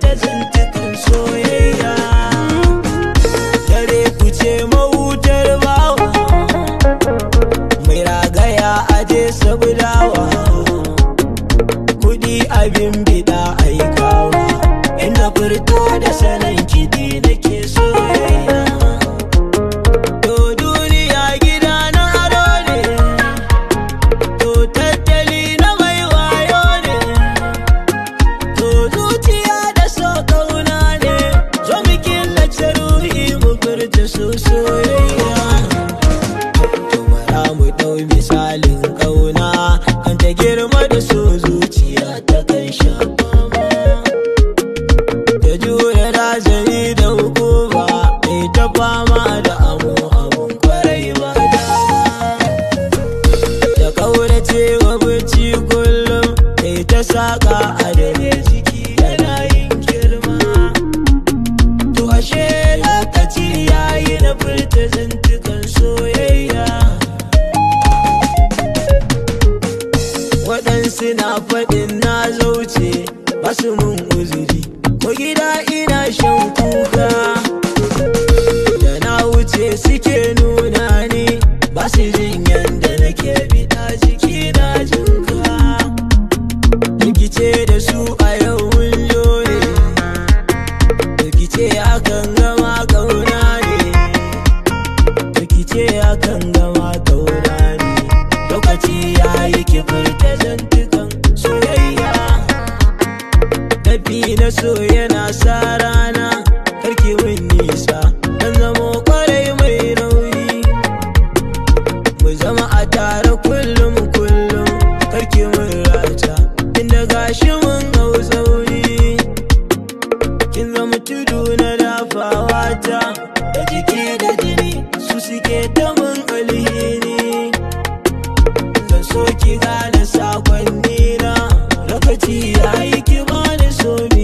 ta soyayya dare ku ce mahutar bawa mai ragaya aje sabudawa kudi abin biɗa. misalin ƙauna kan ta girma da so zuciya ta kan shafa ta jure razani da hukuma mai ta fama da amu abun kwarai ba ta ƙaurace wa bici kullum mai ta saƙa a dare jiki yana yin girma to ashe lokaci yayi na furta zanta suna faɗin na zauce ba su mun uzuri ko gida ina shan kuka da na wuce suke nuna ni ba su jin yadda nake bita jiki na jinka rikice da su a yau mun ne rikice akan gama kauna ne rikice akan gama Tafi na so yana sa rana karki mun nisa dan zamo kwarai mai nauyi mu zama a tare kullum kullum karki mun rata inda gashi mun hau sauri kin zama tudu na dafawa ta da jiki da jini su suke ta mun alhini zan so ki gane sakonni na lokaci yayi soy